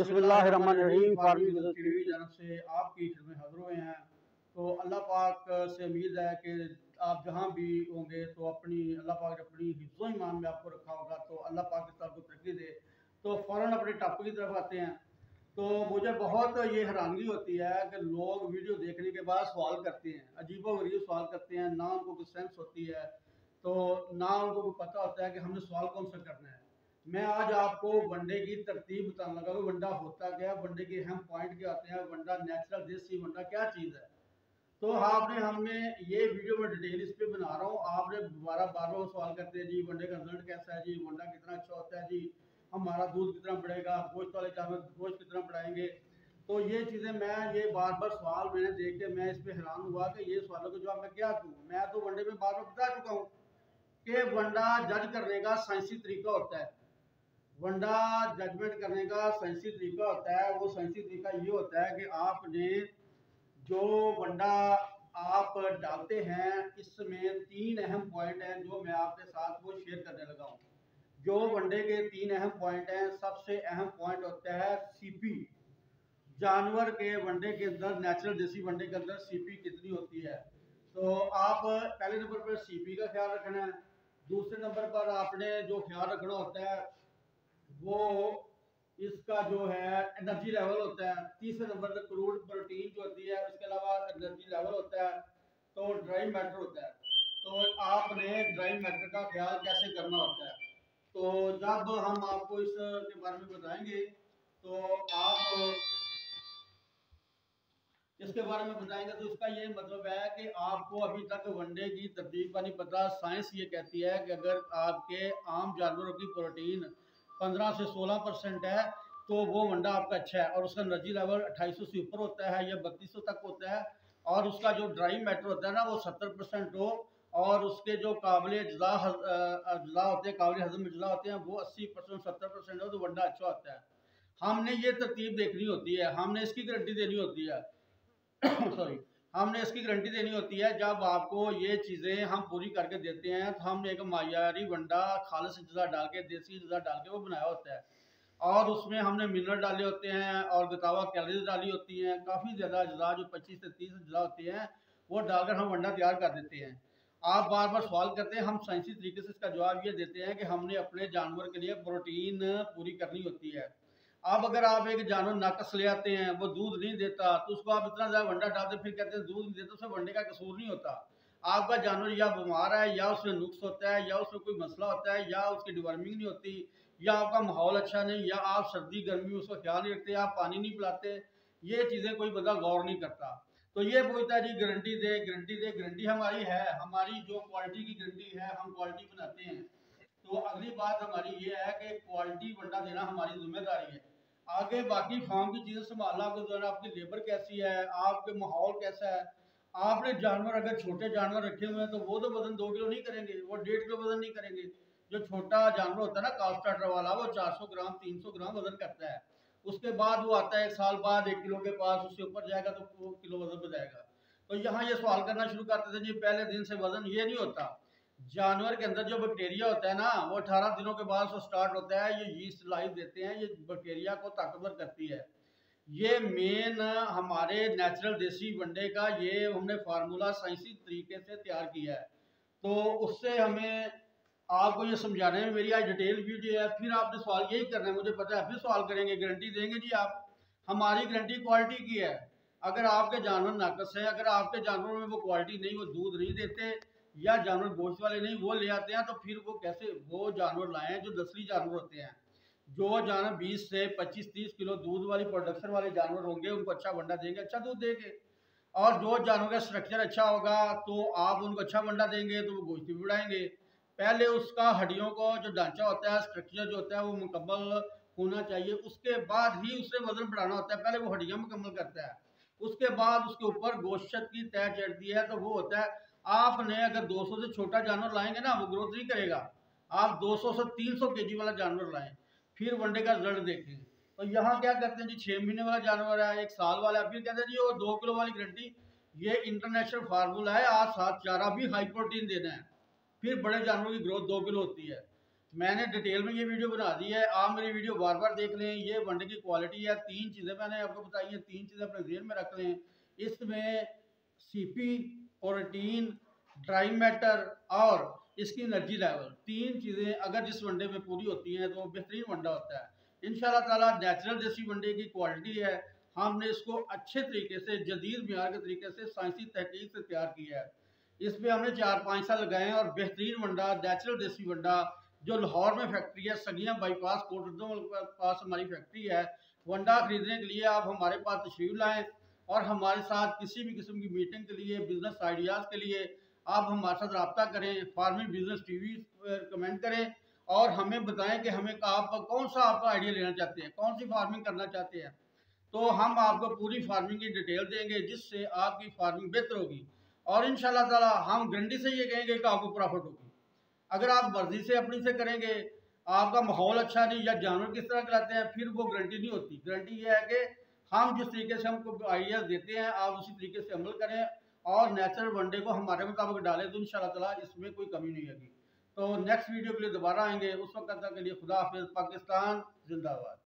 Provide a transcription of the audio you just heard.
आपकी हुए हैं तो अल्लाह पाक से उम्मीद है कि आप जहाँ भी होंगे तो अपनी अल्लाह पाक अपनी हिफ्जो ईमान में आपको रखा होगा तो अल्लाह पाक इस को तरक्की दे तो फौरन अपने टॉपिक की तरफ आते हैं तो मुझे बहुत ये हैरानगी होती है कि लोग वीडियो देखने के बाद सवाल करते हैं अजीबो गरीब सवाल करते हैं ना उनको कोई सेंस होती है तो ना उनको कोई पता होता है कि हमने सवाल कौन सा करना है मैं आज आपको वनडे की तरतीब बताने लगा कि वनडा होता क्या वनडे के अहम पॉइंट क्या होते हैं वनडा नेचुरल देसी वनडा क्या चीज़ है तो आपने हमने ये वीडियो में डिटेल इस पर बना रहा हूँ आपने दोबारा बार बार सवाल करते हैं जी वनडे का रिजल्ट कैसा है जी वनडा कितना अच्छा होता है जी हमारा दूध कितना बढ़ेगा गोश्त वाले चावल गोश्त कितना बढ़ाएंगे तो ये चीज़ें मैं ये बार बार सवाल मैंने देख के मैं इस पर हैरान हुआ कि ये सवालों का जवाब मैं क्या दूँ मैं तो वनडे में बार बार बता चुका हूँ कि वनडा जज करने का साइंसी तरीका होता है वंडा जजमेंट करने का सैंसी तरीका होता है वो सैंसी तरीका ये होता है कि आपने जो वंडा आप डालते हैं इसमें तीन अहम पॉइंट हैं जो मैं आपके साथ वो शेयर करने लगा हूँ जो वनडे के तीन अहम पॉइंट हैं सबसे अहम पॉइंट होता है सीपी जानवर के वंडे के अंदर नेचुरल देसी वनडे के अंदर सीपी कितनी होती है तो आप पहले नंबर पर सीपी का ख्याल रखना है दूसरे नंबर पर आपने जो ख्याल रखना होता है वो इसका जो है एनर्जी लेवल होता है तीसरे नंबर पर क्रूड प्रोटीन जो होती है उसके अलावा एनर्जी लेवल होता है तो ड्राई मैटर होता है तो आपने ड्राई मैटर का ख्याल कैसे करना होता है तो जब हम आपको इसके बारे में बताएंगे तो आप इसके बारे में बताएंगे तो इसका ये मतलब है कि आपको अभी तक वनडे की तरतीब का नहीं पता साइंस ये कहती है कि अगर आपके आम जानवरों की प्रोटीन पंद्रह से सोलह परसेंट है तो वो मंडा आपका अच्छा है और उसका एनर्जी लेवल अट्ठाईस से ऊपर होता है या बत्तीस तक होता है और उसका जो ड्राई मैटर होता है ना वो सत्तर परसेंट हो और उसके जो काबिल अजला होते हैं काबिल हजम अजला होते हैं वो अस्सी परसेंट सत्तर परसेंट हो तो वंडा अच्छा होता है हमने ये तरतीब देखनी होती है हमने इसकी गारंटी देनी होती है सॉरी हमने इसकी गारंटी देनी होती है जब आपको ये चीज़ें हम पूरी करके देते हैं तो हम एक मायारी वंडा खालस अज्जा डाल के देसी अज्जा डाल के वो बनाया होता है और उसमें हमने मिनरल डाले होते हैं और गतावा कैलरीज डाली होती हैं काफ़ी ज़्यादा अज़ा जो पच्चीस से तीस अजा होती हैं वो डालकर हम वंडा तैयार कर देते हैं आप बार बार सवाल करते हैं हम साइंसी तरीके से इसका जवाब ये देते हैं कि हमने अपने जानवर के लिए प्रोटीन पूरी करनी होती है अब अगर आप एक जानवर नाकस ले आते हैं वो दूध नहीं देता तो उसको आप इतना ज़्यादा वंडा डालते फिर कहते हैं दूध नहीं देता उसमें वंडे का कसूर नहीं होता आपका जानवर या बीमार है या उसमें नुक्स होता है या उसमें कोई मसला होता है या उसकी डिवर्मिंग नहीं होती या आपका माहौल अच्छा नहीं या आप सर्दी गर्मी उसका ख्याल नहीं रखते आप पानी नहीं पिलाते ये चीज़ें कोई बंदा गौर नहीं करता तो ये पूछता है जी गारंटी दे गारंटी दे गारंटी हमारी है हमारी जो क्वालिटी की गारंटी है हम क्वालिटी बनाते हैं तो अगली बात हमारी ये है कि क्वालिटी वंडा देना हमारी जिम्मेदारी है आगे बाकी फार्म की चीज़ें संभालना आपको जो है आपकी लेबर कैसी है आपके माहौल कैसा है आपने जानवर अगर छोटे जानवर रखे हुए हैं तो वो तो वजन दो किलो नहीं करेंगे वो डेढ़ किलो वजन नहीं करेंगे जो छोटा जानवर होता है ना कास्टाटर वाला वो 400 ग्राम 300 ग्राम वजन करता है उसके बाद वो आता है एक साल बाद एक किलो के पास उससे ऊपर जाएगा तो किलो वजन जाएगा तो यहाँ ये यह सवाल करना शुरू करते थे जी पहले दिन से वजन ये नहीं होता जानवर के अंदर जो बैक्टीरिया होता है ना वो अठारह दिनों के बाद स्टार्ट होता है ये यीस्ट लाइफ देते हैं ये बैक्टीरिया को ताकतवर करती है ये मेन हमारे नेचुरल देसी वंडे का ये हमने फार्मूला साइंसी तरीके से तैयार किया है तो उससे हमें आपको ये समझाने में मेरी आज डिटेल वीडियो है फिर आपने सवाल यही करना है मुझे पता है फिर सवाल करेंगे गारंटी देंगे जी आप हमारी गारंटी क्वालिटी की है अगर आपके जानवर नाकस है अगर आपके जानवरों में वो क्वालिटी नहीं वो दूध नहीं देते या जानवर गोश्त वाले नहीं वो ले आते हैं तो फिर वो कैसे वो जानवर लाए हैं जो दसरी जानवर होते हैं जो जानवर बीस से पच्चीस तीस किलो दूध वाली प्रोडक्शन वाले जानवर होंगे उनको अच्छा बंडा देंगे अच्छा दूध देंगे और जो जानवर का स्ट्रक्चर अच्छा होगा तो आप उनको अच्छा बंडा देंगे तो वो गोश्त भी बढ़ाएंगे पहले उसका हड्डियों को जो ढांचा होता है स्ट्रक्चर जो होता है वो मुकम्मल होना चाहिए उसके बाद ही उसे वजन बढ़ाना होता है पहले वो हड्डियाँ मुकम्मल करता है उसके बाद उसके ऊपर गोश्त की तय चढ़ती है तो वो होता है आपने अगर 200 से छोटा जानवर लाएंगे ना वो ग्रोथ नहीं करेगा आप 200 से 300 जी वाला जानवर लाएं फिर वनडे का रिजल्ट देखें तो यहाँ क्या करते हैं जी छः महीने वाला जानवर है एक साल वाला है फिर कहते हैं जी वो दो किलो वाली गारंटी ये इंटरनेशनल फार्मूला है आज सात चारा भी हाई प्रोटीन देना है फिर बड़े जानवरों की ग्रोथ दो किलो होती है मैंने डिटेल में ये वीडियो बना दी है आप मेरी वीडियो बार बार देख लें ये वनडे की क्वालिटी है तीन चीज़ें मैंने आपको बताई है तीन चीज़ें अपने जेन में रख लें इसमें सीपी प्रोटीन ड्राई मैटर और इसकी एनर्जी लेवल तीन चीज़ें अगर जिस वनडे में पूरी होती हैं तो बेहतरीन वनडा होता है इन ताला नेचुरल देसी वनडे की क्वालिटी है हमने इसको अच्छे तरीके से जदीद मीर के तरीके से साइंसी तहकीक से तैयार किया है इस पर हमने चार पाँच साल लगाए हैं और बेहतरीन वनडा नेचुरल देसी वनडा जो लाहौर में फैक्ट्री है सगिया बाईपास कोटरदम पास हमारी फैक्ट्री है वनडा खरीदने के लिए आप हमारे पास तशरीफ लाएँ और हमारे साथ किसी भी किस्म की मीटिंग के लिए बिजनेस आइडियाज़ के लिए आप हमारे साथ रबता करें फार्मिंग बिजनेस टीवी पर कमेंट करें और हमें बताएं कि हमें आप कौन सा आपका आइडिया लेना चाहते हैं कौन सी फार्मिंग करना चाहते हैं तो हम आपको पूरी फार्मिंग की डिटेल देंगे जिससे आपकी फार्मिंग बेहतर होगी और इन ताला हम गारंटी से ये कहेंगे कि आपको प्रॉफिट होगी अगर आप मर्जी से अपनी से करेंगे आपका माहौल अच्छा नहीं या जानवर किस तरह कराते हैं फिर वो गारंटी नहीं होती गारंटी ये है कि हम जिस तरीके से हमको आइडियाज देते हैं आप उसी तरीके से अमल करें और नेचुरल वनडे को हमारे मुताबिक डालें तो इन ताला इसमें कोई कमी नहीं आएगी तो नेक्स्ट वीडियो के लिए दोबारा आएंगे उस वक्त तक के लिए खुदा हाफिज पाकिस्तान जिंदाबाद